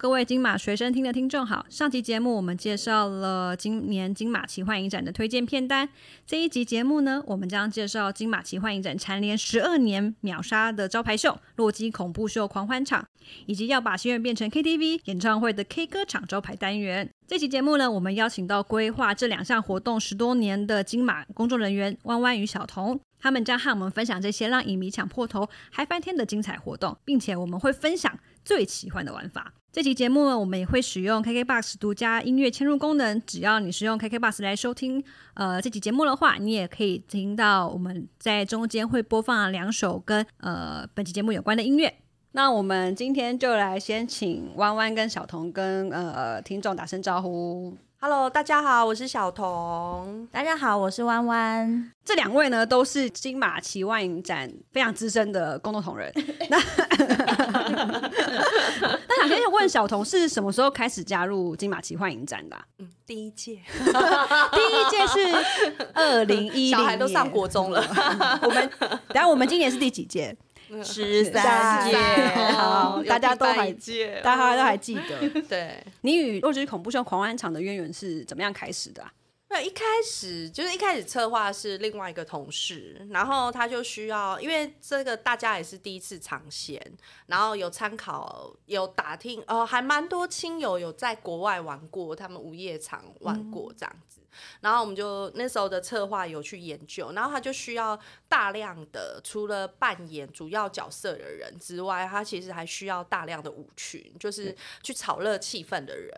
各位金馬隨聲聽的聽眾好，上集節目我們介紹了今年金馬奇幻影展的推薦片單，這一集節目呢，我們將介紹金馬奇幻影展蟬聯十二年秒殺的招牌秀——洛基恐怖秀狂歡場，以及要把戲院變成 KTV 演唱會的 K 歌場招牌單元。這期節目呢，我們邀請到規劃這兩項活動十多年的金馬工作人員彎彎與小彤，他們將和我們分享這些讓影迷搶破頭、嗨翻天的精彩活動，並且我們會分享最奇幻的玩法。這期節目我們也會使用 KKBOX 獨家音樂嵌入功能，只要你是用 KKBOX 來收聽，呃，這期節目的話，你也可以聽到我們在中間會播放兩首跟呃本期節目有關的音樂。那我們今天就來先請彎彎跟小彤跟呃聽眾打聲招呼。Hello，大家好，我是小彤。大家好，我是彎彎、嗯。這兩位呢，都是金馬奇幻影展非常資深的工作同仁。那、欸、那、 嗯、 可以問小彤，是什麼時候開始加入金馬奇幻影展的、啊嗯？第一屆， 第一屆是二零一零年。小孩都上國中了。 我們，等下，我們今年是第幾屆？十三屆，好，大家都還記，哦、大家都還記得。哦、對，你與《洛基恐怖秀》狂歡場的淵源是怎麼樣開始的？對，一開始就是一開始策劃是另外一個同事，然後他就需要，因為這個大家也是第一次嘗鮮，然後有參考，有打聽，哦，還蠻多親友有在國外玩過，他們午夜場玩過這樣子。嗯然後我們就那時候的策劃有去研究，然後他就需要大量的，除了扮演主要角色的人之外，他其實還需要大量的舞群，就是去炒熱氣氛的人。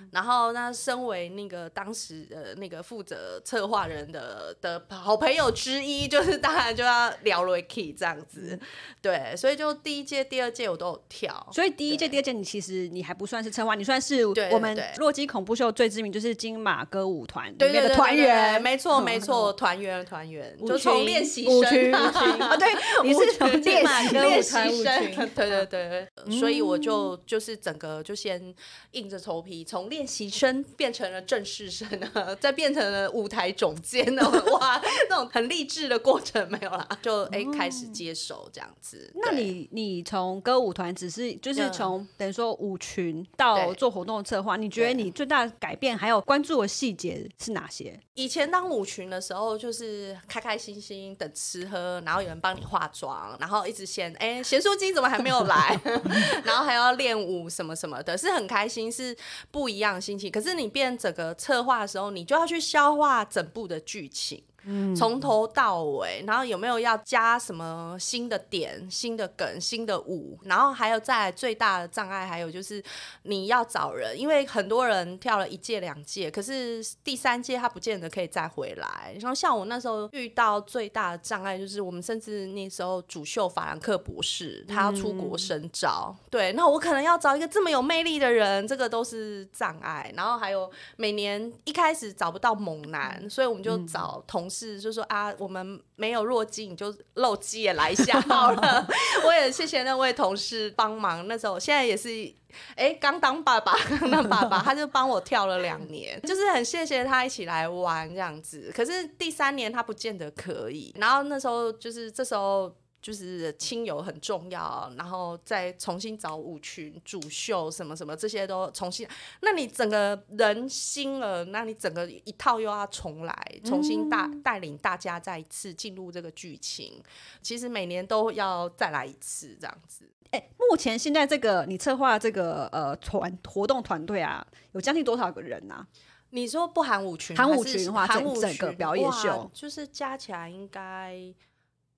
嗯、然後那身為那個當時的那個負責策劃人的的好朋友之一，就是當然就要聊了一 k 這樣子，對，所以就第一屆、第二屆我都有跳。所以第一屆、第二屆你其實你還不算是策劃，你算是我們《洛基恐怖秀》最知名就是金馬歌舞團。對對，對對，團員沒錯沒錯，團員團員，對對對對沒錯沒錯，嗯、就從練習生、啊、舞群，舞群啊，啊，對，你是從練習練習生舞團舞群，對對對、嗯呃、所以我就就是整個就先硬着頭皮從練習生變成了正式生啊，再變成了舞台總監那種，哇， 那種很勵志的過程沒有啦，嗯、就哎、欸、開始接手這樣子。嗯、那你你從歌舞團只是就是從、嗯、等於說舞群到做活動的策劃，你覺得你最大的改變還有關注的細節？是哪些？以前當舞群的時候，就是開開心心等吃喝，然後有人幫你化妝，然後一直嫌。哎、欸，賢淑姬怎麼還沒有來？ 然後還要練舞什麼什麼的，是很開心，是不一樣的心情。可是你變整個策劃的時候，你就要去消化整部的劇情。從頭到尾，然後有沒有要加什麼新的點、新的梗、新的舞？然後還有在最大的障礙，還有就是你要找人，因為很多人跳了一屆、兩屆，可是第三屆他不見得可以再回來。然後像我那時候遇到最大的障礙，就是我們甚至那時候主秀法蘭克博士，他要出國深造、嗯，對，那我可能要找一個這麼有魅力的人，這個都是障礙。然後還有每年一開始找不到猛男，所以我們就找同事、嗯。是，就說啊，我們沒有弱雞，你就漏雞也來一下好了。 我也謝謝那位同事幫忙。那時候我現在也是，哎、欸，剛當爸爸，剛當爸爸，他就幫我跳了兩年， 就是很謝謝他一起來玩這樣子。可是第三年他不見得可以。然後那時候就是這時候。就是親友很重要，然後再重新找舞群、主秀什麼什麼這些都重新。那你整個人心了，那你整個一套又要重來，重新帶帶領大家再一次進入這個劇情。嗯、其實每年都要再來一次這樣子。誒、欸，目前現在這個你策劃這個呃團活動團隊啊，有將近多少個人呢、啊？你說不含舞群，含舞群的話，整整個表演秀就是加起來應該。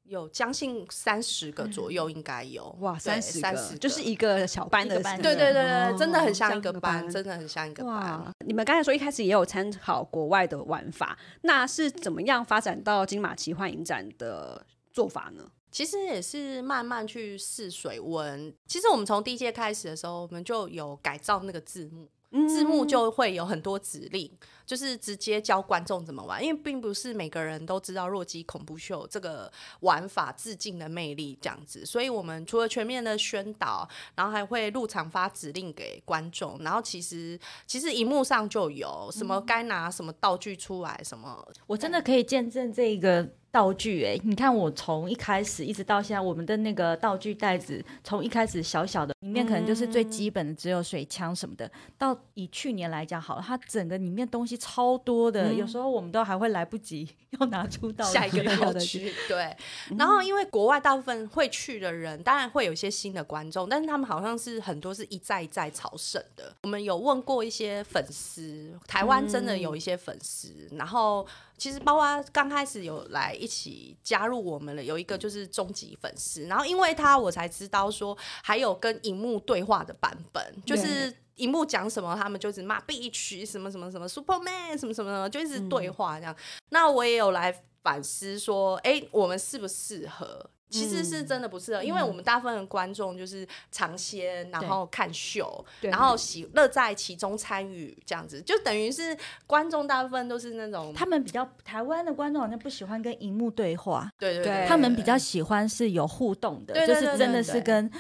有將近三十個左右應該有，應該有哇，三十個，個就是一個小班的班，對對對對，真的很像一個班，個班真的很像一個班。你們剛才說一開始也有參考國外的玩法，嗯，那是怎麼樣發展到金馬奇幻影展的做法呢？其實也是慢慢去試水溫。其實我們從第一屆開始的時候，我們就有改造那個字幕，嗯、字幕就會有很多指令。就是直接教觀眾怎麼玩，因為並不是每個人都知道《洛基恐怖秀》這個玩法致敬的魅力這樣子，所以我們除了全面的宣導，然後還會入場發指令給觀眾，然後其實其實熒幕上就有什麼該拿什麼道具出來什麼、嗯，我真的可以見證這一個。道具哎、欸，你看我從一開始一直到現在，我們的那個道具袋子從一開始小小的，裡面可能就是最基本的只有水槍什麼的、嗯。到以去年來講好了，它整個裡面東西超多的，嗯、有時候我們都還會來不及要拿出道具過去。下一個 對，然後因為國外大部分會去的人，嗯、當然會有一些新的觀眾，但是他們好像是很多是一再一再朝聖的。我們有問過一些粉絲，台灣真的有一些粉絲、嗯，然後。其實，包括剛開始有來一起加入我們的有一個就是終極粉絲，然後因為他我才知道說還有跟熒幕對話的版本，就是熒幕講什麼他們就一直罵 Bitch 什麼什麼什麼 Superman 什麼什麼，就一直對話這樣、嗯。那我也有來反思說，哎，我們適不適合？其實是真的不是的、嗯，因為我們大部分的觀眾就是嘗鮮，然後看秀，然後喜樂在其中參與這樣子，就等於是觀眾大部分都是那種他們比較台灣的觀眾好像不喜歡跟熒幕對話，對，對對，他們比較喜歡是有互動的，對對對，就是真的是跟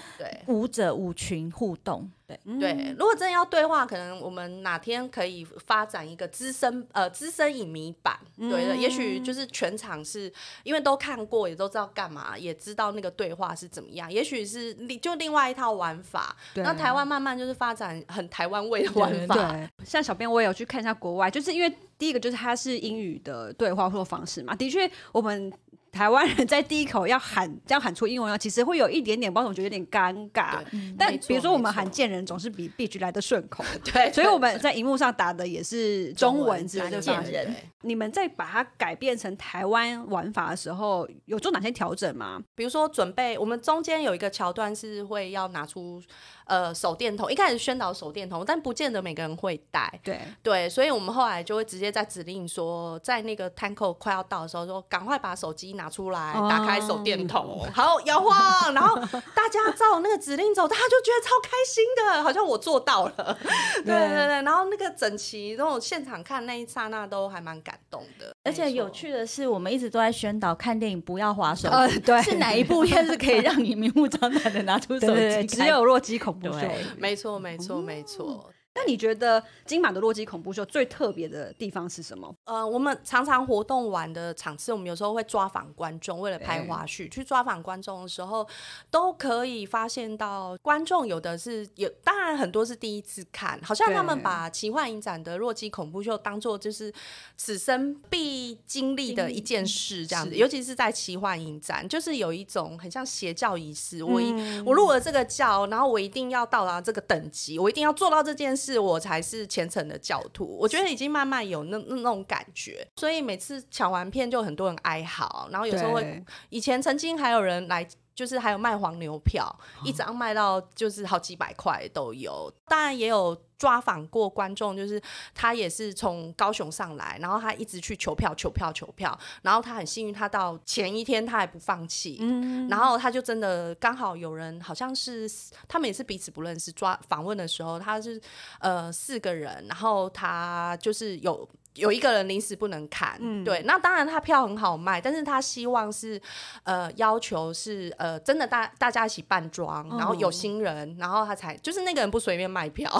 舞者舞群互動。對對對對對，就是對，嗯、對，如果真的要對話，可能我們哪天可以發展一個資深呃資深影迷版，對的、嗯，也許就是全場是因為都看過，也都知道幹嘛，也知道那個對話是怎麼樣，也許是另就另外一套玩法。對，那台灣慢慢就是發展很台灣味的玩法。對，對像小編我也有去看一下國外，就是因為第一個就是它是英語的對話或方式嘛，的確我們。台灣人在第一口要喊，這樣喊出英文其實會有一點點，包括我覺得有點尷尬。嗯、但比如說我們喊賤人，總是比 bitch 來的順口，對，所以我們在熒幕上打的也是中文字“賤人”。你們在把它改變成台灣玩法的時候，有做哪些調整嗎？比如說準備，我們中間有一個橋段是會要拿出、呃，手電筒一開始宣導手電筒，但不見得每個人會帶。對對，所以我們後來就會直接在指令說，在那個攤口快要到的時候說，說趕快把手機拿出來，哦，打開手電筒，嗯、好搖、嗯、晃，然後大家照那個指令走， 大家就覺得超開心的，好像我做到了。嗯、對對對，然後那個整齊，然後現場看那一剎那都還蠻感動的。而且有趣的是，我們一直都在宣導看電影不要滑手。呃，對。是哪一部片子可以讓你明目張膽的拿出手機？ 只有《洛基恐怖秀》。沒錯，沒錯、哦，沒錯。那你覺得金馬的洛基恐怖秀最特別的地方是什麼？呃，我們常常活動完的場次，我們有時候會抓訪觀眾，為了拍花絮去抓訪觀眾的時候，都可以發現到觀眾有的是有，當然很多是第一次看，好像他們把奇幻影展的洛基恐怖秀當做就是此生必經歷的一件事這樣子，尤其是在奇幻影展，就是有一種很像邪教儀式，我一、嗯、我入了這個教，然後我一定要到達這個等級，我一定要做到這件事。是我才是虔誠的教徒，我覺得已經慢慢有那那種感覺，所以每次搶完片就很多人哀嚎，然後有時候會，以前曾經還有人來。就是還有賣黃牛票，哦、一張賣到就是好幾百塊都有。當然也有抓訪過觀眾，就是他也是從高雄上來，然後他一直去求票、求票、求票，求票然後他很幸運，他到前一天他還不放棄、嗯。然後他就真的剛好有人，好像是他們也是彼此不認識。抓訪問的時候，他是呃四個人，然後他就是有。有一個人臨時不能看、嗯，對，那當然他票很好賣，但是他希望是，呃，要求是，呃，真的大大家一起扮裝，然後有新人，然後他才就是那個人不隨便賣票，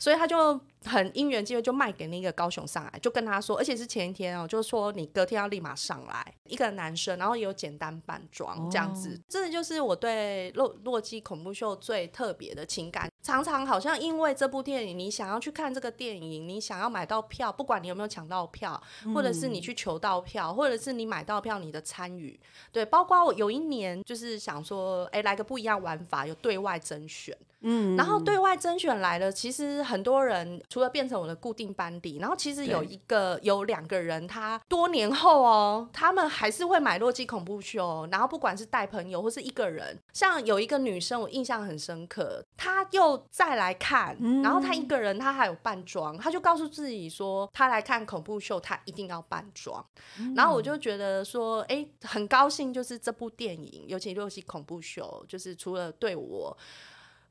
所以他就。很因緣機會就賣給那個高雄上來，就跟他說，而且是前一天哦、喔，就是說你隔天要立馬上來一個男生，然後也有簡單扮裝這樣子、哦，真的就是我對《洛洛基恐怖秀》最特別的情感。常常好像因為這部電影，你想要去看這個電影，你想要買到票，不管你有沒有搶到票、嗯，或者是你去求到票，或者是你買到票，你的參與，對，包括我有一年就是想說，哎、欸，來個不一樣玩法，有對外甄選。嗯，然後對外甄選來了，其實很多人除了變成我的固定班底，然後其實有一個有兩個人，他多年後哦，他們還是會買《洛基恐怖秀》，然後不管是帶朋友或是一個人，像有一個女生，我印象很深刻，她又再來看，嗯、然後她一個人，她還有扮裝，她就告訴自己說，她來看恐怖秀，她一定要扮裝、嗯，然後我就覺得說，誒，很高興，就是這部電影，尤其《洛基恐怖秀》，就是除了對我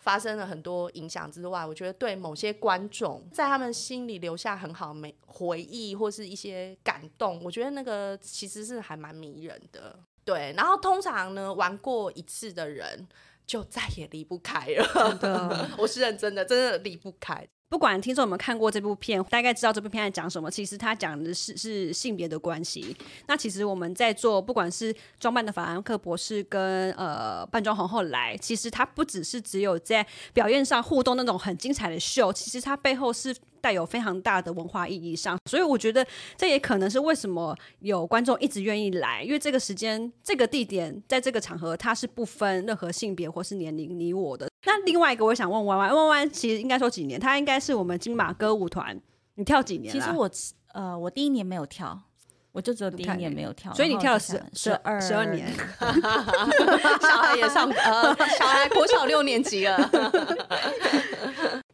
發生了很多影響之外，我覺得對某些觀眾在他們心裡留下很好美回憶或是一些感動，我覺得那個其實是還蠻迷人的。對，然後通常呢，玩過一次的人就再也離不開了。 真的。我是認真的，真的離不開。不管聽眾有沒有看過這部片，大概知道這部片在講什麼。其實它講的是是性別的關係。那其實我們在做，不管是裝扮的法蘭克博士跟呃扮裝皇後來，其實它不只是只有在表演上互動那種很精彩的秀，其實它背後是。帶有非常大的文化意義上，所以我覺得這也可能是為什麼有觀眾一直願意來，因為這個時間、這個地點，在這個場合，它是不分任何性別或是年齡，你我的。那另外一個，我想問彎彎，彎彎其實應該說幾年？他應該是我們金馬歌舞團，你跳幾年了？其實我，呃，我第一年沒有跳，我就只有第一年沒有跳，Okay. 所以你跳了十十二十二年， 小孩也上，呃，小孩國小六年級了。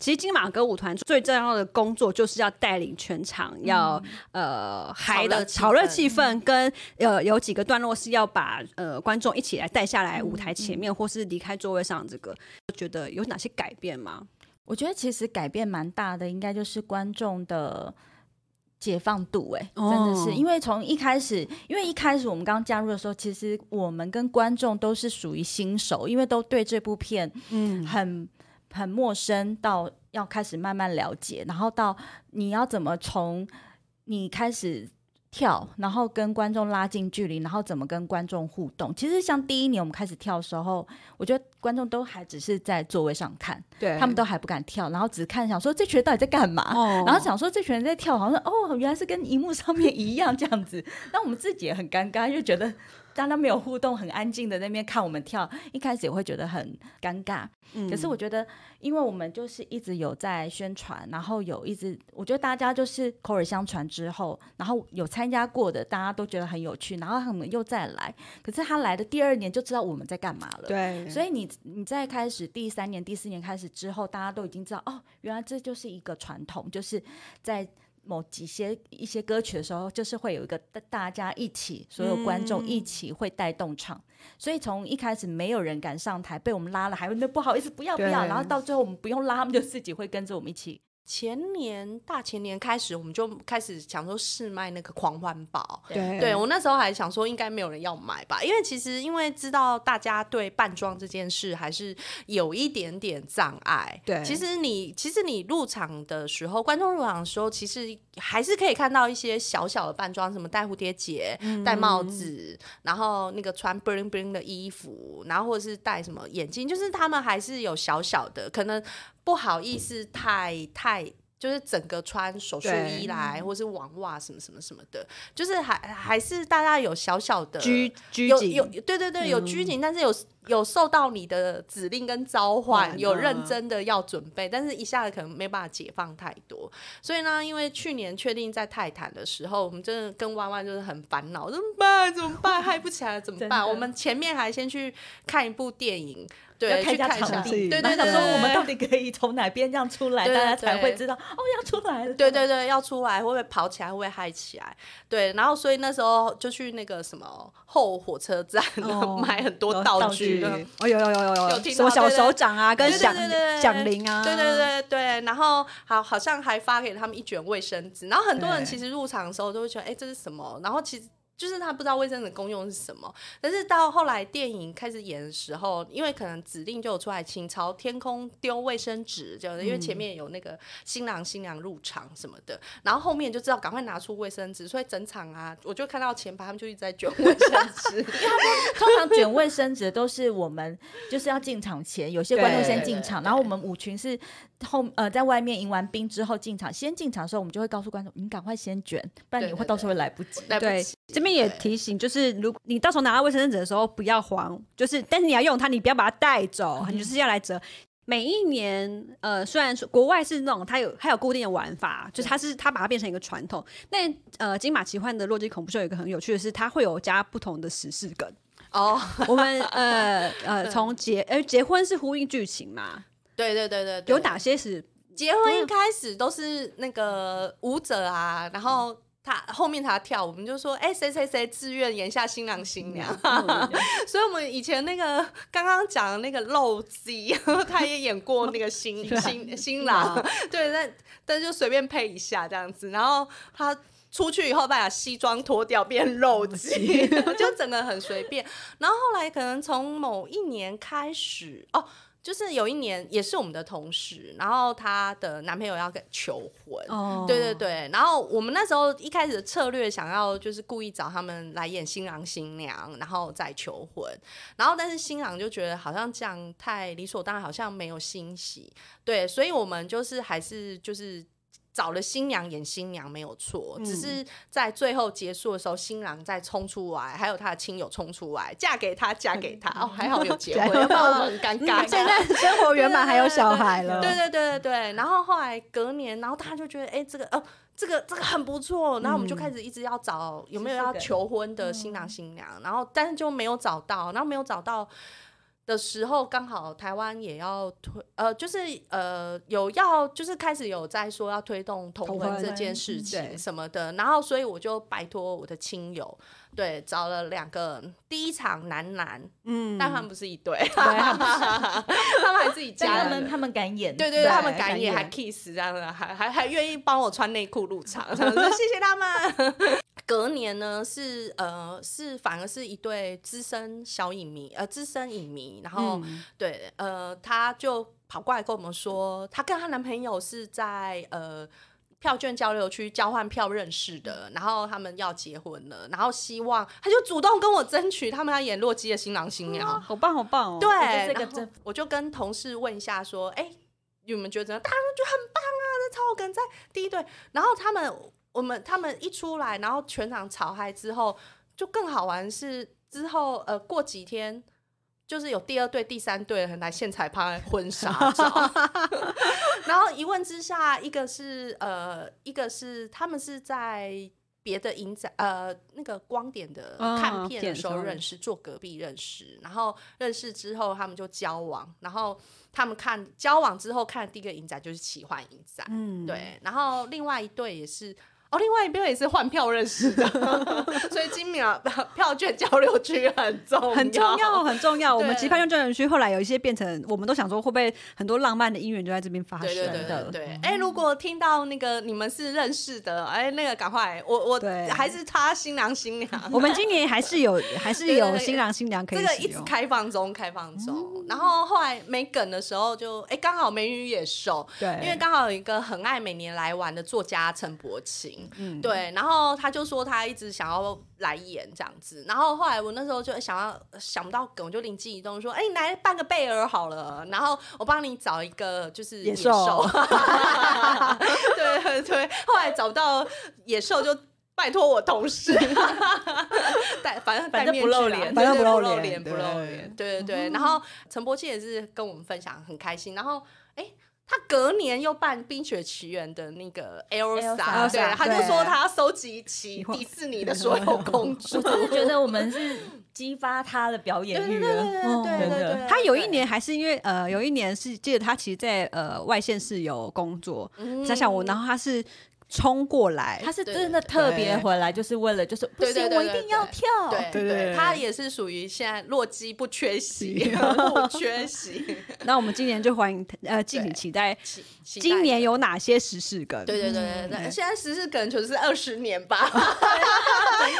其實金馬歌舞團最重要的工作就是要帶領全場，嗯、要呃嗨的炒熱氣氛，氛嗯、跟呃有幾個段落是要把呃觀眾一起來帶下來舞台前面，嗯、或是離開座位上。這個，嗯嗯、我覺得有哪些改變嗎我覺得其實改變蠻大的，應該就是觀眾的解放度、欸。哎，真的是，哦，、因為從一開始，因為一開始我們剛加入的時候，其實我們跟觀眾都是屬於新手，因為都對這部片嗯很。嗯很陌生，到要開始慢慢了解，然後到你要怎麼從你開始跳，然後跟觀眾拉近距離，然後怎麼跟觀眾互動。其實像第一年我們開始跳的時候，我覺得觀眾都還只是在座位上看，對他們都還不敢跳，然後只看想說這群人到底在幹嘛，哦，然後想說這群人在跳，好像哦原來是跟熒幕上面一樣這樣子。那 我們自己也很尷尬，就覺得。當他沒有互動，很安靜的那邊看我們跳，一開始也會覺得很尷尬。嗯。可是我覺得，因為我們就是一直有在宣傳，然後有一直，我覺得大家就是口耳相傳之後，然後有參加過的，大家都覺得很有趣，然後他們又再來。可是他來的第二年就知道我們在幹嘛了。對。所以你你在開始第三年、第四年開始之後，大家都已經知道哦，原來這就是一個傳統，就是在。某幾些一些歌曲的時候，就是會有一個大家一起，所有觀眾一起會帶動唱。嗯、所以從一開始沒有人敢上台，被我們拉了，還問那不好意思，不要不要，然後到最後我們不用拉，他們就自己會跟着我們一起。前年大前年開始，我們就開始想說試賣那個狂歡寶。對，對，我那時候還想說應該沒有人要買吧，因為其實因為知道大家對扮裝這件事還是有一點點障礙。對，其實你其實你入場的時候，觀眾入場的時候，其實還是可以看到一些小小的扮裝，什麼戴蝴蝶結、戴、嗯、帽子，然後那個穿 bling bling 的衣服，然後或者是戴什麼眼鏡，就是他們還是有小小的可能。不好意思，太太就是整個穿手術衣來，或是網襪什麼什麼什麼的，就是還還是大家有小小的拘拘謹，有有對對對有拘謹、嗯，但是有。有受到你的指令跟召喚，有認真的要準備，但是一下子可能沒辦法解放太多，所以呢，因為去年確定在泰坦的時候，我們真的跟彎彎就是很煩惱， 怎麼辦？怎麼辦？嗨不起來怎麼辦？我們前面還先去看一部電影，對，要看一下場地，對對對，對，對。說我們到底可以從哪邊這樣出來，對對對大家才會知道對對對哦，要出來了，對，對對對，要出來，會不會跑起來，會不會嗨起來，對。然後所以那時候就去那個什麼後火車站然後、oh, 買很多道具。Oh, 哦喲喲喲喲，什麼小手掌啊跟、跟響鈴啊，對對對對，對對對對，然後好，好像還發給了他們一卷衛生紙，然後很多人其實入場的時候都會覺得，哎，這是什麼？然後其實。就是他不知道衛生紙功用是什麼，但是到後來電影開始演的時候，因為可能指令就有出來，請朝天空丟衛生紙，就、嗯、是因為前面有那個新郎新娘入場什麼的，然後後面就知道趕快拿出衛生紙，所以整場啊，我就看到前排他們就一直在捲衛生紙， 因為他們通常捲衛生紙都是我們就是要進場前 有些觀眾先進場，對對對對，然後我們舞群是後呃在外面迎完賓之後進場，先進場的時候我們就會告訴觀眾，你趕快先捲，不然你會到時候會來不及，對，對，對，對。這邊也提醒，就是如果你到時候拿到衛生紙的時候，不要慌。就是但是你要用它，你不要把它帶走，你就是要來折。每一年，呃，雖然說國外是那種它有它有固定的玩法，就是它是它把它變成一個傳統。那呃，《金馬奇幻的洛基恐怖秀》有一個很有趣的是，它會有加不同的時事梗哦。我們呃呃，從結呃結婚是呼應劇情嘛？對對對對。有哪些是結婚一開始都是那個舞者啊？然後。他後面他跳，我們就說，哎、欸，誰誰誰自願演下新郎新娘，新娘嗯嗯嗯、 所以我們以前那個剛剛講的那個洛基， 他也演過那個新新新郎，對，但但就隨便配一下這樣子，然後他出去以後，把西裝脫掉變洛基，嗯、 就真的很隨便。然後後來可能從某一年開始，哦。就是有一年，也是我們的同事，然後她的男朋友要求婚，oh. 對對對，然後我們那時候一開始的策略想要就是故意找他們來演新郎新娘，然後再求婚，然後但是新郎就覺得好像這樣太理所當然，好像沒有欣喜，對，所以我們就是還是就是。找了新娘演新娘沒有錯，只是在最後結束的時候，新郎再衝出來，嗯，還有他的親友衝出來，嫁給他，嫁給他。嗯、哦，還好有結婚，不然我們很尷尬，嗯。現在生活圓滿，還有小孩了。對對，對對對對對。然後後來隔年，然後他就覺得，哎、欸，這個哦、呃，這個、這個、這個很不錯。然後我們就開始一直要找有沒有要求婚的新郎新娘，然後但是就沒有找到，然後沒有找到。的時候剛好台灣也要推呃，就是呃有要就是開始有在說要推動同婚這件事情什麼的，然後所以我就拜托我的親友對，找了兩個第一場男男，嗯，但他們不是一對，對啊、 他們還自己家，他們他們敢演，對對對，對他們敢演，敢演還 kiss 這樣的，還還還願意幫我穿內褲入場， 說謝謝他們。 隔年呢是呃，是反而是一對資深小影迷呃，資深影迷，然後、嗯、對呃他就跑過來跟我們說，嗯、他跟他男朋友是在呃，票券交流區交換票認識的，然後他們要結婚了，然後希望他就主動跟我爭取，他們要演《洛基》的新郎新娘，好棒好棒哦！對，這個真我就跟同事問一下說，哎、欸嗯，你們覺得當然覺得很棒啊！那超跟在第一對，然後他們。我們他們一出來，然後全場吵嗨之後，就更好玩是之後呃過幾天，就是有第二對、第三對來現場拍婚紗照， 然後一問之下，一個是呃一個是他們是在別的影展呃那個光點的看片的時候認識，坐、哦、隔壁認識，然後認識之後他們就交往，然後他們看交往之後看第一個影展就是奇幻影展、嗯，對，然後另外一對也是。哦，另外一邊也是換票認識的。 所以金馬票券交流區很重要，很重要，很重要。我們集票券交流區後來有一些變成，我們都想說會不會很多浪漫的姻緣就在這邊發生對對，對對，對，對、嗯，對。哎，如果聽到那個你們是認識的，哎、欸，那個趕快，我，我，還是差新郎新娘。 我們今年還是有，還是有新郎新娘可以對對對。這個一直開放中，開放中、嗯。然後後來沒梗的時候就，就、欸、哎，剛好美女也熟，對，因為剛好有一個很愛每年來玩的作家陳柏青。嗯、對，然後他就說他一直想要來演這樣子，然後後來我那時候就想要想不到梗，我就靈機一動說：“哎，你來扮個貝兒好了。”然後我幫你找一個就是野獸，野獸 對對，對。後來找不到野獸，就拜託我同事 戴，反正反正不露臉，反正不露臉，對對不露臉，對臉對對，對，對、嗯。然後陳柏青也是跟我們分享很開心，然後哎。他隔年又辦《冰雪奇緣》的那個艾爾莎對，他就說他要收集齊迪士尼的所有公主 我覺得我們是激發他的表演欲了。對了對了對了、嗯、對了對了，他有一年還是因為呃，有一年是記得他其實在，在呃外縣市有工作，在、嗯、想我，然後他是。衝過來，他是真的特別回來，就是為了就是對對對對，不行，我一定要跳，對對對，對，他也是屬於現在洛基不缺席，不缺席 。那我們今年就歡迎 mentorsOut 呃，敬請期待，今年有哪些時事梗、嗯？對對對對，對，現在時事梗就是二十年吧，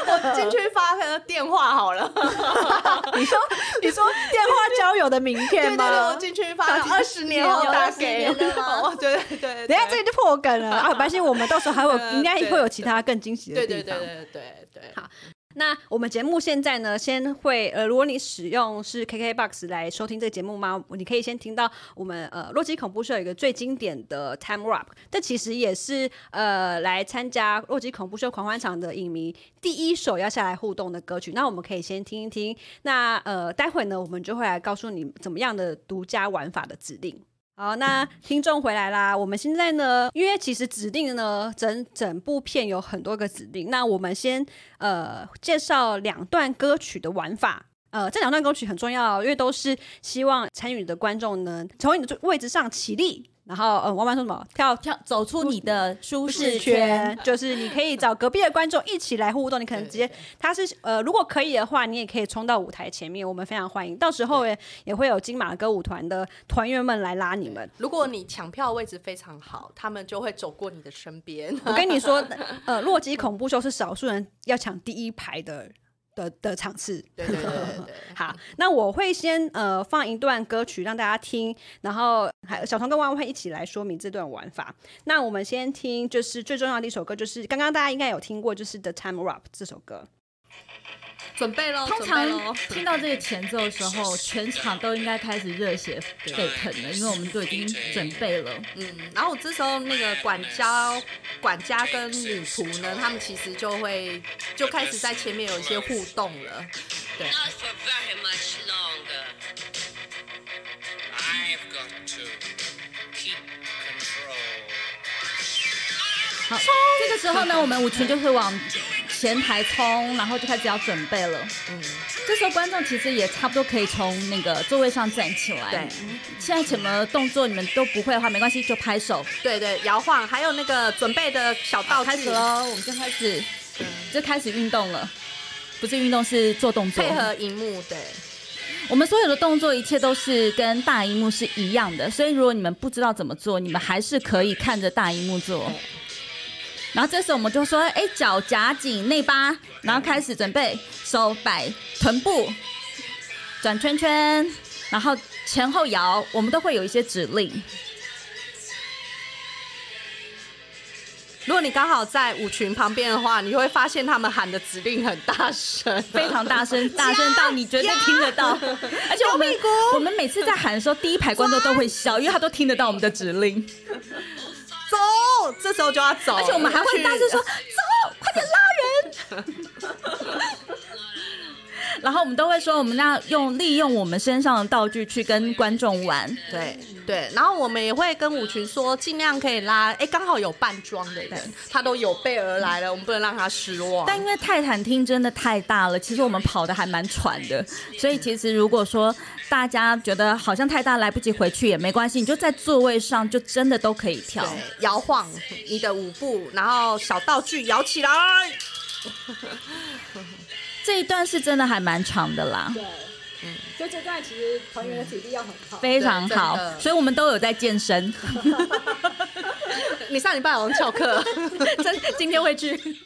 我進去發個電話好了 你說你說電話交友的名片嗎？ 對對對，對，我進去發二十年後打了，大給，我覺對對，對，對對 等下這裡就破梗了啊！白心我們都。 還有應該會有其他更驚喜的地方。對對對對好，那我們節目現在呢，先會呃，如果你使用是 KKBOX 來收聽這個節目嗎？你可以先聽到我們呃洛基恐怖秀有一個最經典的 Time Warp，這其實也是呃來參加洛基恐怖秀狂歡場的影迷第一首要下來互動的歌曲。那我們可以先聽一聽。那呃，待會呢，我們就會來告訴你怎麼樣的獨家玩法的指令。好，那聽眾回來啦。我們現在呢，因為其實指定呢，整整部片有很多個指定。那我們先呃介紹兩段歌曲的玩法，呃這兩段歌曲很重要，因為都是希望參與的觀眾呢，從你的位置上起立。然後，呃、嗯，彎彎說什麼？跳跳，走出你的舒適圈，圈 就是你可以找隔壁的觀眾一起來互動。你可能直接，對對對，他是呃，如果可以的話，你也可以衝到舞台前面，我們非常歡迎。到時候也也會有金馬歌舞團的團員們來拉你們。如果你搶票位置非常好，他們就會走過你的身邊。 我跟你說，呃，洛基恐怖秀是少數人要搶第一排的。的的場次，對 好，那我會先呃放一段歌曲讓大家聽，然後還小彤跟彎彎會一起來說明這段玩法。那我們先聽，就是最重要的一首歌，就是剛剛大家應該有聽過，就是《The Time Warp》這首歌。準備嘍！通常聽到這個前奏的時候，全場都應該開始熱血沸騰了，因為我們都已經準備了。嗯，然後這時候那個管教、管家跟女僕呢，他們其實就會就開始在前面有一些互動了。對。嗯、好、哦，這個時候呢，嗯、我們舞裙就會往前台通，然後就開始要準備了。嗯，這時候觀眾其實也差不多可以從那個座位上站起來。對，現在什麼動作你們都不會的話，沒關係，就拍手。對對，搖晃，還有那個準備的小道具。開始嘍、哦，我們就開始、嗯，就開始運動了。不是運動，是做動作，配合熒幕。對，我們所有的動作，一切都是跟大熒幕是一樣的。所以如果你們不知道怎麼做，你們還是可以看着大熒幕做。嗯然後這時候我們就說，哎、欸，腳夾緊內八，然後開始準備，手擺，臀部轉圈圈，然後前後搖，我們都會有一些指令。如果你剛好在舞群旁邊的話，你會發現他們喊的指令很大聲， 非常大聲，大聲到你絕對聽得到。 而且我們， 我們每次在喊的時候， 第一排觀眾都會笑，因為他都聽得到我們的指令。哦、這時候就要走，而且我們還會大聲說：“走，快點拉人！” 然後我們都會說，我們要用利用我們身上的道具去跟觀眾玩。對，對對。然後我們也會跟舞群說，盡量可以拉，哎，剛好有扮裝的人，他都有備而來了，嗯，我們不能讓他失望。但因為泰坦廳真的太大了，其實我們跑的跑得還蠻喘的。所以其實如果說大家覺得好像太大來不及回去也沒關係，你就在座位上就真的都可以跳，搖晃你的舞步，然後小道具搖起來。 這一段是真的還蠻長的啦，對，嗯，就這段其實團員的體力要很好，嗯、非常好，所以我們都有在健身。 你上禮拜我們翹課，真 今天會去。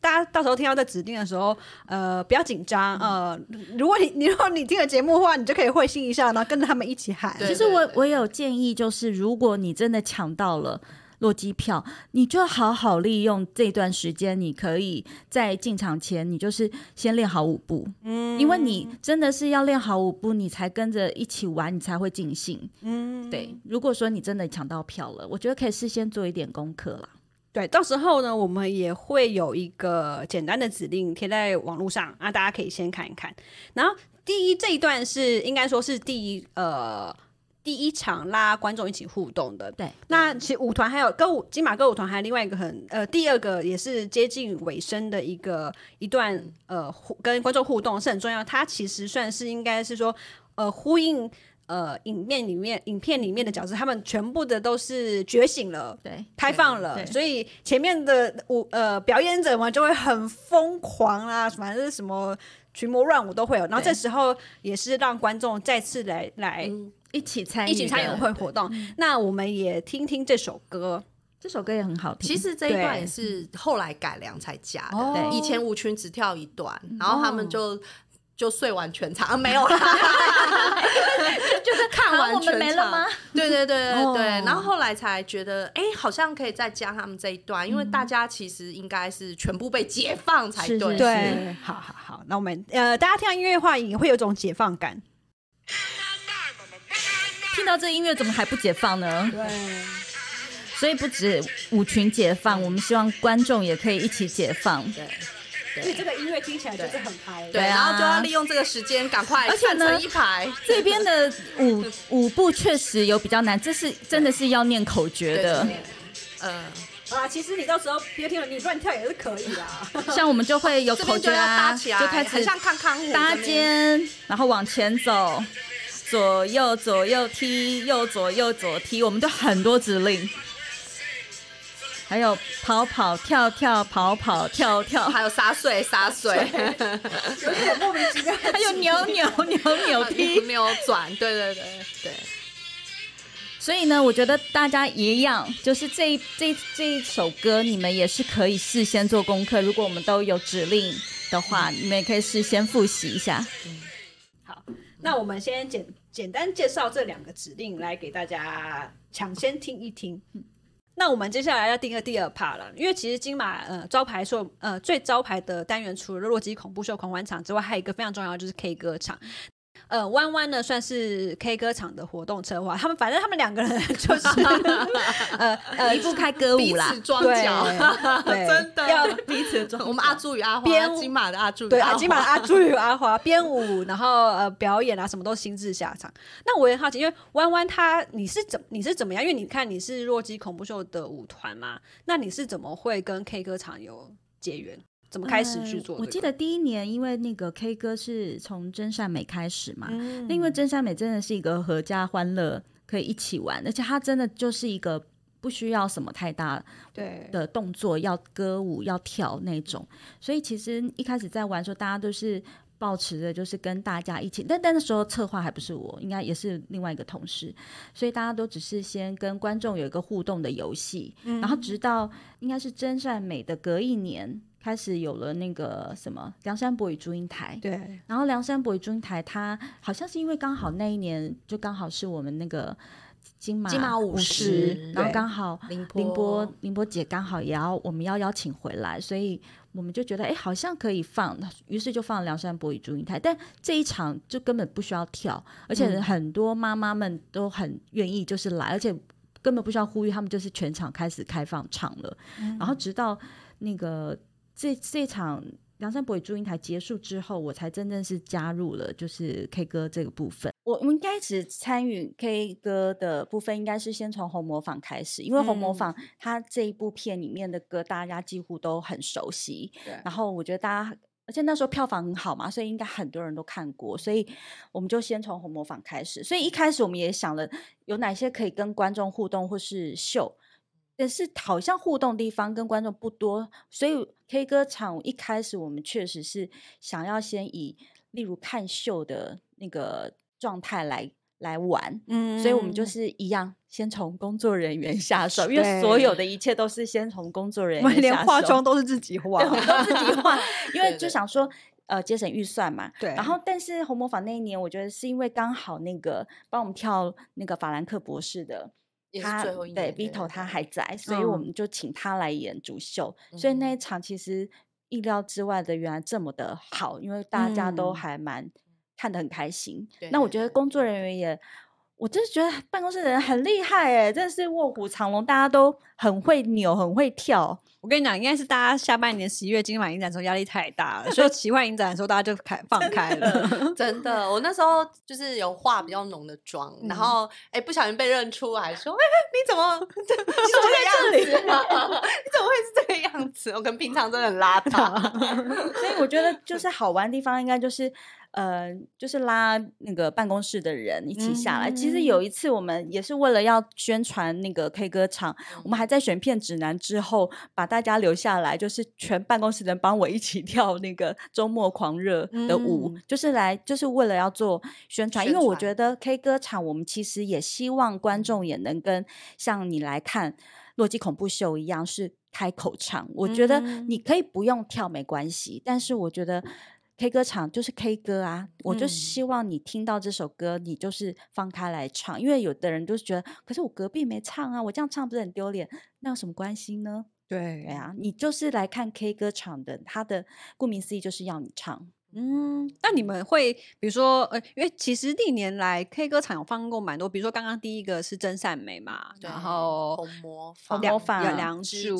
大家到時候聽到在指定的時候，呃，不要緊張，呃，如果你你如果你聽了節目的話，你就可以會心一笑，然後跟着他們一起喊。其實、就是、我我有建議，就是如果你真的搶到了。做機票，你就好好利用這段時間。你可以在進場前，你就是先練好舞步，嗯，因為你真的是要練好舞步，你才跟着一起玩，你才會盡興，嗯，對。如果說你真的搶到票了，我覺得可以事先做一點功課了。對，到時候呢，我們也會有一個簡單的指令貼在網絡上啊，大家可以先看一看。然後第一，這一段是應該說是第一呃。第一場拉觀眾一起互動的，對。那其實舞團還有歌舞金馬歌舞團，還有另外一個很呃，第二個也是接近尾聲的一個一段呃，互跟觀眾互動是很重要。它其實算是應該是說呃呼應呃影片裡面影片裡面的角色，他們全部的都是覺醒了，對，開放了。所以前面的舞呃，表演者們就會很瘋狂啊，什麼什麼群魔亂舞都會有。然後這時候也是讓觀眾再次來來。一起參一起參與會活動，那我們也聽聽這首歌、嗯，這首歌也很好聽。其實這一段也是後來改良才加的，以前舞群只跳一段，哦、然後他們就就睡完全場、哦啊，沒有了、啊， 就是看完全場、啊。對對對對對、哦、對，然後後來才覺得，哎、欸，好像可以再加他們這一段，因為大家其實應該是全部被解放才對。是是對，好好好，那我們呃，大家聽到音樂的話，也會有一種解放感。聽到這音樂怎麼還不解放呢？對，所以不止舞群解放，我們希望觀眾也可以一起解放。對，所以這個音樂聽起來就是很嗨。對啊，然後就要利用這個時間趕快站成一排。 這邊的舞 舞步確實有比較難，這是真的是要念口訣的、的。呃啊，其實你到時候別聽了，你亂跳也是可以啊。 像我們就會有口訣啦、啊，就開始像康康搭肩然後往前走。左右左右踢，右左右左踢，我們都很多指令，還有跑跑跳跳，跑跑跳跳，還有沙碎沙碎，碎 還有扭扭扭扭踢沒有轉， 對，對對對對。所以呢，我覺得大家一樣，就是這一這一這一首歌，你們也是可以事先做功課。如果我們都有指令的話，嗯、你們也可以事先複習一下。嗯、好。那我們先簡簡單介紹這兩個指令來給大家搶先聽一聽。嗯。那我們接下來要定個第二趴了，因為其實金馬呃招牌秀呃最招牌的單元，除了洛基恐怖秀狂歡場之外，還有一個非常重要，就是 K 歌場。呃，彎彎呢算是 K 歌場的活動策劃，他們反正他們兩個人就是 呃呃離不 開歌舞啦，對，對 真的要彼此裝。我們阿朱與阿花編金馬的阿朱，對，阿金馬的阿朱與阿花編 舞，然後呃表演啊什麼都親自下場。 那我也好奇，因為彎彎他你是怎你是怎麼樣？因為你看你是洛基恐怖秀的舞團嘛，那你是怎麼會跟 K 歌場有結緣？怎麼開始去做、這個，嗯。我記得第一年，因為那個 K 歌是從真善美開始嘛，嗯、因為真善美真的是一個合家歡樂，可以一起玩，而且它真的就是一個不需要什麼太大對的動作，要歌舞要跳那種。所以其實一開始在玩的時候，大家都是保持著就是跟大家一起，但但那時候策劃還不是我，應該也是另外一個同事，所以大家都只是先跟觀眾有一個互動的遊戲、嗯，然後直到應該是真善美的隔一年。開始有了那個什麼《梁山伯與祝英台》，對。然後《梁山伯與祝英台》，他好像是因為剛好那一年就剛好是我們那個金馬五十，然後剛好凌波凌波凌波姐剛好也要我們要邀請回來，所以我們就覺得哎、欸、好像可以放，於是就放《梁山伯與祝英台》。但這一場就根本不需要跳，而且很多媽媽們都很願意就是來、嗯，而且根本不需要呼籲，他們就是全場開始開放唱了、嗯。然後直到那個。這這場《梁山伯與祝英台》結束之後，我才真正是加入了就是 K 歌這個部分。我我們開始參與 K 歌的部分，應該是先從《紅磨坊》開始，因為《紅磨坊》它這一部片裡面的歌，大家幾乎都很熟悉。然後我覺得大家，而且那時候票房很好嘛，所以應該很多人都看過，所以我們就先從《紅磨坊》開始。所以一開始我們也想了有哪些可以跟觀眾互動或是秀。也是好像互動地方跟觀眾不多，所以 K 歌場一開始我們確實是想要先以例如看秀的那個狀態來來玩，嗯，所以我們就是一樣先從工作人員下手，因為所有的一切都是先從工作人員下手，我連化妝都是自己化，都自己化，因為就想說 對對對呃節省預算嘛，對。然後但是紅磨坊那一年，我覺得是因為剛好那個幫我們跳那個法蘭克博士的。他對 BTO 他還在，所以我們就請他來演主秀、嗯。所以那一場其實意料之外的，原來這麼的好，因為大家都還蠻、嗯、看得很開心。那我覺得工作人員也，我真的覺得辦公室的人很厲害誒、欸，真的是臥虎藏龍，大家都很會扭，很會跳。我跟你講，應該是大家下半年十一月金馬影展的時候壓力太大了，所以奇幻影展的時候大家就開放開了。 真的，我那時候就是有化比較濃的妝、嗯，然後哎、欸，不小心被認出來說：“哎、欸，你怎麼是 這個樣子？ 你怎麼會是這個樣子？ 我跟平常真的很邋遢。 ”所以我覺得就是好玩的地方，應該就是。呃，就是拉那個辦公室的人一起下來。嗯、其實有一次，我們也是為了要宣傳那個 K 歌場，嗯、我們還在選片指南之後、嗯、把大家留下來，就是全辦公室的人幫我一起跳那個周末狂熱的舞，嗯、就是來就是為了要做宣傳，宣傳。因為我覺得 K 歌場，我們其實也希望觀眾也能跟像你來看《洛基恐怖秀》一樣是開口唱、嗯。我覺得你可以不用跳沒關係、嗯，但是我覺得。K 歌場就是 K 歌啊，嗯，我就希望你聽到這首歌，你就是放開來唱。因為有的人就是覺得，可是我隔壁沒唱啊，我這樣唱不是很丟臉？那有什麼關係呢？對呀，啊，你就是來看 K 歌場的，他的顧名思義就是要你唱。嗯，那你們會，比如說，呃、因為其實歷年來 K 歌場有放過蠻多，比如說剛剛第一個是真善美嘛，然後紅磨坊兩首，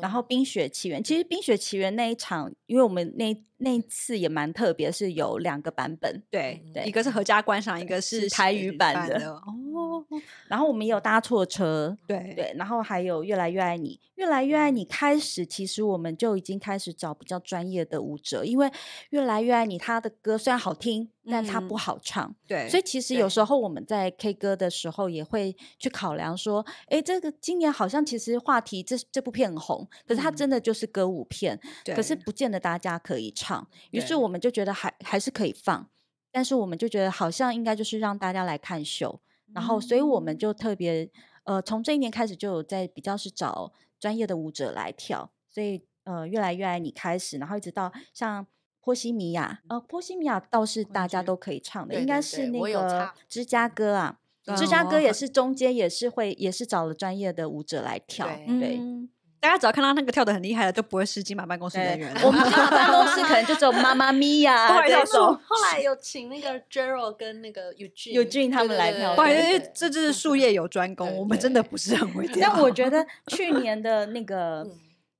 然後冰雪奇緣。其實冰雪奇緣那一場，因為我們那那次也蠻特別，是有兩個版本，對對，一個是合家觀賞，一個是台語版的，版的哦。然後我們也有搭錯車，嗯、對對，然後還有《越來越愛你》，《越來越愛你》開始其實我們就已經開始找比較專業的舞者，因為《越來越愛你》他的歌雖然好聽。但它不好唱、嗯，對，所以其實有時候我們在 K 歌的時候也會去考量說，哎，這個今年好像其實話題這這部片很紅，可是它真的就是歌舞片，嗯、可是不見得大家可以唱，於是我們就覺得還還是可以放，但是我們就覺得好像應該就是讓大家來看秀，嗯、然後所以我們就特別呃從這一年開始就有在比較是找專業的舞者來跳，所以呃越來越愛你開始，然後一直到像。波西米亞，呃，波西米亞倒是大家都可以唱的，嗯、應該是那個芝加哥啊，對對對，芝加哥也是中間也是會也是找了專業的舞者來跳。對。對，大家只要看到那個跳的很厲害的，就不會是金馬辦公室人員。我們辦公室可能就只有媽媽咪呀、啊。不好意思，後來有請那個 Gerald 跟那個 Eugene Eugene 他們來跳。對對對對。不好意思，對對對對，這就是術業有專攻、嗯，我們真的不是很會跳。對對對。但我覺得去年的那個《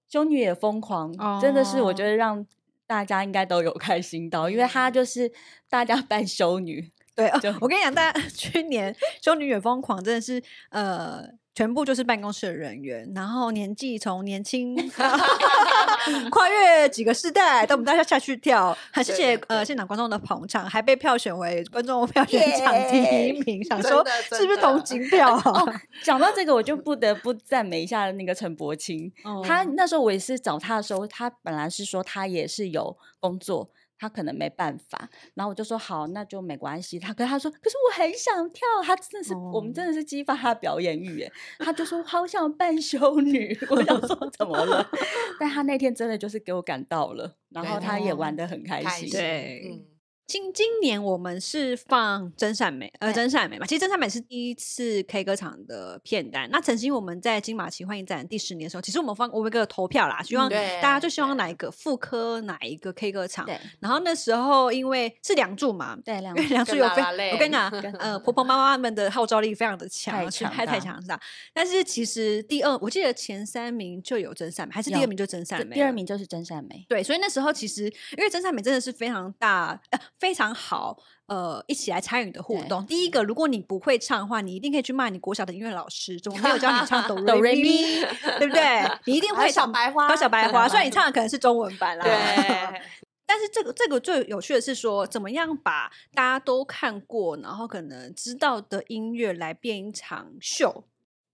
修女也瘋狂》嗯，真的是我覺得讓。大家應該都有開心到，因為他就是大家扮修女。對，就哦、我跟你講， 大家去年修女也瘋狂，真的是呃。全部就是辦公室的人員，然後年紀從年輕 跨越幾個世代，都我們大家下去跳，還謝謝對對對，呃現場觀眾的捧場，還被票選為觀眾票選獎第一名，yeah! 想說是不是同情票，啊？講、 哦、到這個，我就不得不讚美一下那個陳柏青、 嗯，他那時候我也是找他的時候，他本來是說他也是有工作。他可能沒辦法，然後我就說好，那就沒關係。他跟他說，可是我很想跳。他真的是，嗯、我們真的是激發他的表演欲。哎，他就說好想扮修女。 我想說怎麼了？ 但他那天真的就是給我感到了，然後他也玩得很開心。對、哦。對嗯今今年我們是放真善美，呃，真善美嘛。其實真善美是第一次 K 歌場的片單。那曾經我們在金馬奇幻影展第十年的時候，其實我們放我們一個投票啦，希望大家就希望哪一個副科哪一個 K 歌場。然後那時候因為是梁祝嘛，對，梁祝因為梁祝有非跟拉拉我跟你講，呃、嗯，婆婆媽媽們的號召力非常的強， 太強太強大。但是其實第二，我記得前三名就有真善美，還是第二名就真善美，第二名就是真善美。對，所以那時候其實因為真善美真的是非常大。呃非常好，呃，一起來參與的互動。第一個，如果你不會唱的話，你一定可以去罵你國小的音樂老師，怎麼沒有教你唱哆來咪？對不對、啊？你一定會唱小白花，小白花。雖然你唱的可能是中文版啦，對。 但是這個這個最有趣的是說，怎麼樣把大家都看過，然後可能知道的音樂來變一場秀。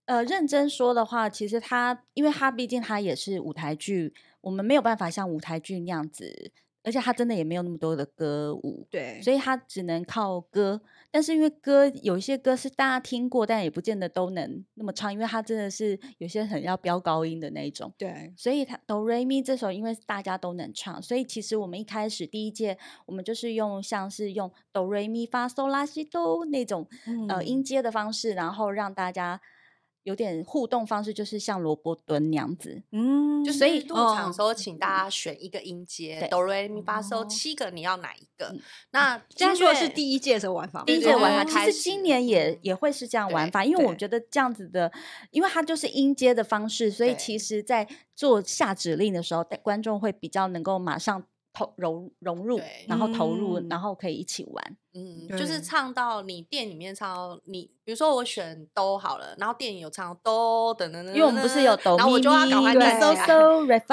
呃，認真說的話，其實它，因為它畢竟它也是舞台劇，我們沒有辦法像舞台劇那樣子。而且他真的也沒有那麼多的歌舞，對，所以他只能靠歌。但是因為歌有一些歌是大家聽過，但也不見得都能那麼唱，因為他真的是有些很要飆高音的那種。對，所以他哆瑞咪這首，因為大家都能唱，所以其實我們一開始第一屆，我們就是用像是用哆瑞咪發嗦啦西哆那種呃音階的方式，嗯，然後讓大家。有點互動方式，就是像蘿蔔蹲那樣子，嗯，就所以入、哦、場的時候請大家選一個音階，哆瑞咪發嗦，七個你要哪一個？嗯、那這果是第一屆的玩法，第一屆玩法、嗯、其實今年也也會是這樣玩法，因為我覺得這樣子的，因為它就是音階的方式，所以其實，在做下指令的時候，觀眾會比較能夠馬上投融融入，然後投入、嗯，然後可以一起玩。嗯，嗯，就是唱到你店裡面唱你，嗯，比如說我選哆好了，然後電影有唱都，等等等，因為我們不是有都咪咪咪咪，然後我就要，啊、所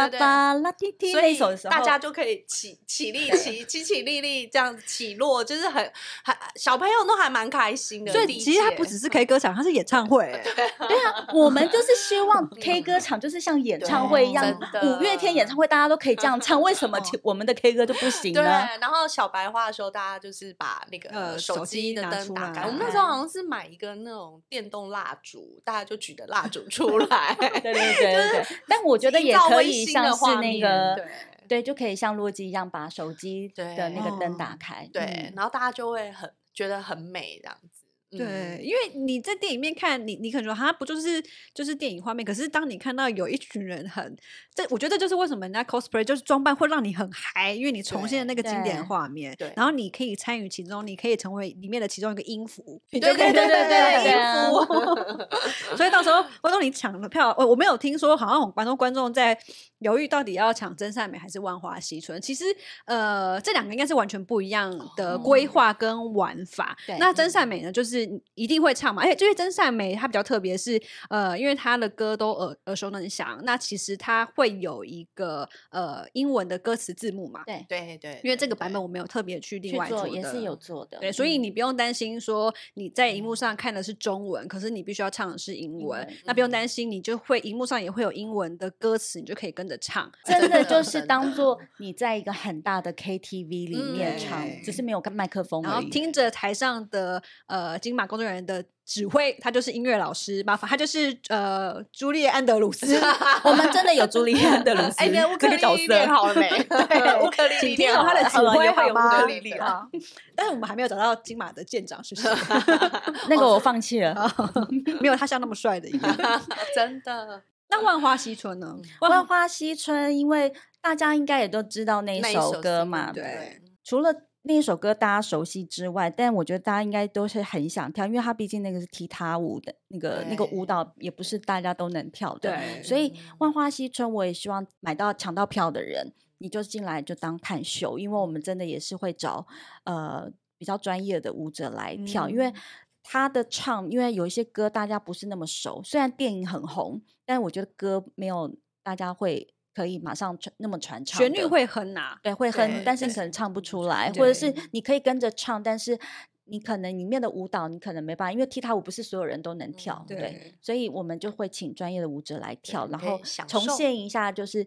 以大家就可以起起立起起起立立這樣子起落，就是很還小朋友都還蠻開心的。所以其實它不只是 K 歌場，它是演唱會。 對啊， 我們就是希望 K 歌場就是像演唱會一樣，五月天演唱會大家都可以這樣唱， 為什麼、哦、我們的 K 歌就不行呢？對，然後小白花的時候，大家就是把。那個手機的燈打開，我、呃、們、哦、那時候好像是買一個那種電動蠟燭， 大家就舉着蠟燭出來。 對對對對， 就是、 但我覺得也可以像是那個 對，對，就可以像洛基一樣把手機的那個燈打開，對，哦嗯、對，然後大家就會很覺得很美這樣子。嗯、對，因為你在電影面看，你你可能說它不就是就是電影畫面，可是當你看到有一群人很這，我覺得這就是為什麼人家 cosplay 就是裝扮會讓你很嗨，因為你重現那個經典畫面，對，對，然後你可以參與其中，你可以成為裡面的其中一個音符，對對對對對，對，對，對，對，對，對，對，對，音符。啊、 所以到時候觀眾你搶了票，我我沒有聽說，好像蠻多觀眾在。猶豫到底要搶真善美還是萬花嬉春？其實，呃，這兩個應該是完全不一樣的規劃跟玩法，哦對。那真善美呢，就是一定會唱嘛，而且就是真善美它比較特別，是呃，因為它的歌都耳耳熟能詳。那其實它會有一個呃英文的歌詞字幕嘛？對對對，因為這個版本我沒有特別去另外做，做也是有做的。對，所以你不用擔心說你在熒幕上看的是中文，嗯、可是你必須要唱的是英文。那不用擔心，你就會熒幕上也會有英文的歌詞，你就可以跟着。唱真的就是當做你在一個很大的 KTV 裡面唱，嗯欸、只是沒有麥克風，然後聽着台上的呃金馬工作人員的指揮，他就是音樂老師，麻煩，他就是呃茱莉·安德魯絲， 我們真的有茱莉·安德魯絲，哎、 欸，烏克麗麗的老師練好了沒？嗯、里里了 對，烏克麗麗， 請聽懂他的指揮好嗎？會有烏克麗麗好 但是我們還沒有找到金馬的艦長，是不是？ 那個我放棄了， 沒有他像那麼帥的一個， 真的。那《萬花嬉春》呢？《萬花嬉春》，因為大家應該也都知道那一首歌嘛，對。除了那一首歌大家熟悉之外，但我覺得大家應該都是很想跳，因為它畢竟那個是踢踏舞的那個那個舞蹈，也不是大家都能跳的。對。所以《萬花嬉春》我也希望買到搶到票的人，你就進來就當看秀，因為我們真的也是會找呃比較專業的舞者來跳，嗯、因為。他的唱，因為有一些歌大家不是那麼熟，雖然電影很紅，但我覺得歌沒有大家會可以馬上傳那麼傳唱。旋律會哼哪、啊？對，會哼，但是你可能唱不出來，或者是你可以跟着唱，但是你可能裡面的舞蹈你可能沒辦法，因為踢踏舞不是所有人都能跳，嗯、對，對，所以我們就會請專業的舞者來跳，然後重現一下就是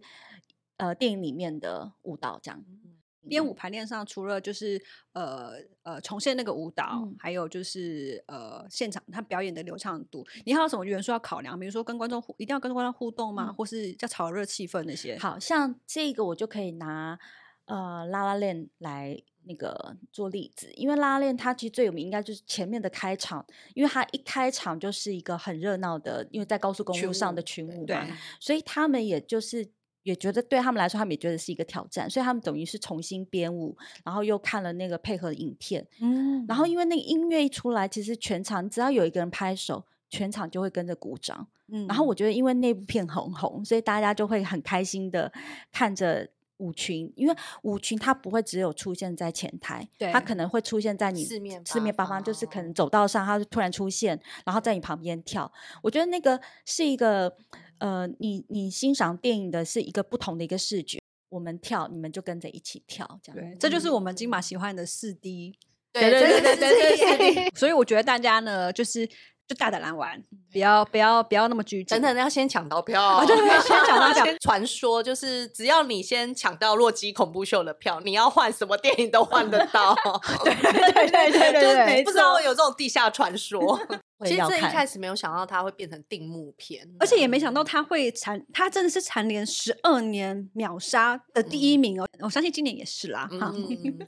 呃電影裡面的舞蹈這樣。嗯嗯、編舞排練上，除了就是呃呃重現那個舞蹈，嗯、還有就是呃現場他表演的流暢度，你還有什麼元素要考量？比如說跟觀眾互一定要跟觀眾互動嗎、嗯？或是叫炒熱氣氛那些？好，像這個我就可以拿呃拉拉鏈來那個做例子，因為拉拉鏈它其實最有名，應該就是前面的開場，因為它一開場就是一個很熱鬧的，因為在高速公路上的群舞嘛，群舞，對、對，所以他們也就是。也覺得對他們來說，他們也覺得是一個挑戰，所以他們等於是重新編舞，然後又看了那個配合影片，嗯，然後因為那個音樂一出來，其實全場只要有一個人拍手，全場就會跟着鼓掌，嗯，然後我覺得因為那部片很紅，紅，所以大家就會很開心的看着。舞群，因為舞群它不會只有出現在前台，對，它可能會出現在你四面八四面八方，就是可能走道上，它就突然出現，然後在你旁邊跳。我覺得那個是一個，嗯、呃，你你欣賞電影的是一個不同的一個視覺。我們跳，你們就跟着一起跳，這樣，嗯、這就是我們金馬喜歡的四 D。對對對對對，對對對 所以我覺得大家呢，就是。就大膽來玩，不要不要不要那麼拘謹。等等，要先搶到票、哦哦。對對對，先搶到票。先傳說就是只要你先搶到《洛基恐怖秀》的票，你要換什麼電影都換得到。 對,對,對對對對對，不知道有這種地下傳說。其實這一開始沒有想到它會變成定目片，而且也沒想到它會蟬，它真的是蟬聯十二年秒殺的第一名哦、嗯。我相信今年也是啦。嗯，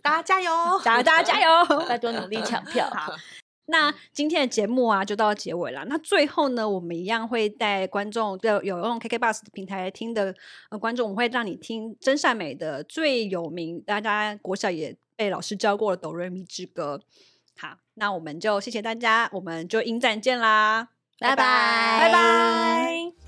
大家加油，加油，大家加油，要 加 多努力搶票。 那今天的節目啊，就到結尾了。那最後呢，我們一樣會帶觀眾，就有用 KKBOX 平台聽的、呃、觀眾，我們會讓你聽《真善美》的最有名，大家國小也被老師教過的《哆瑞咪之歌》。好，那我們就謝謝大家，我們就影展見啦，拜拜，拜拜。Bye bye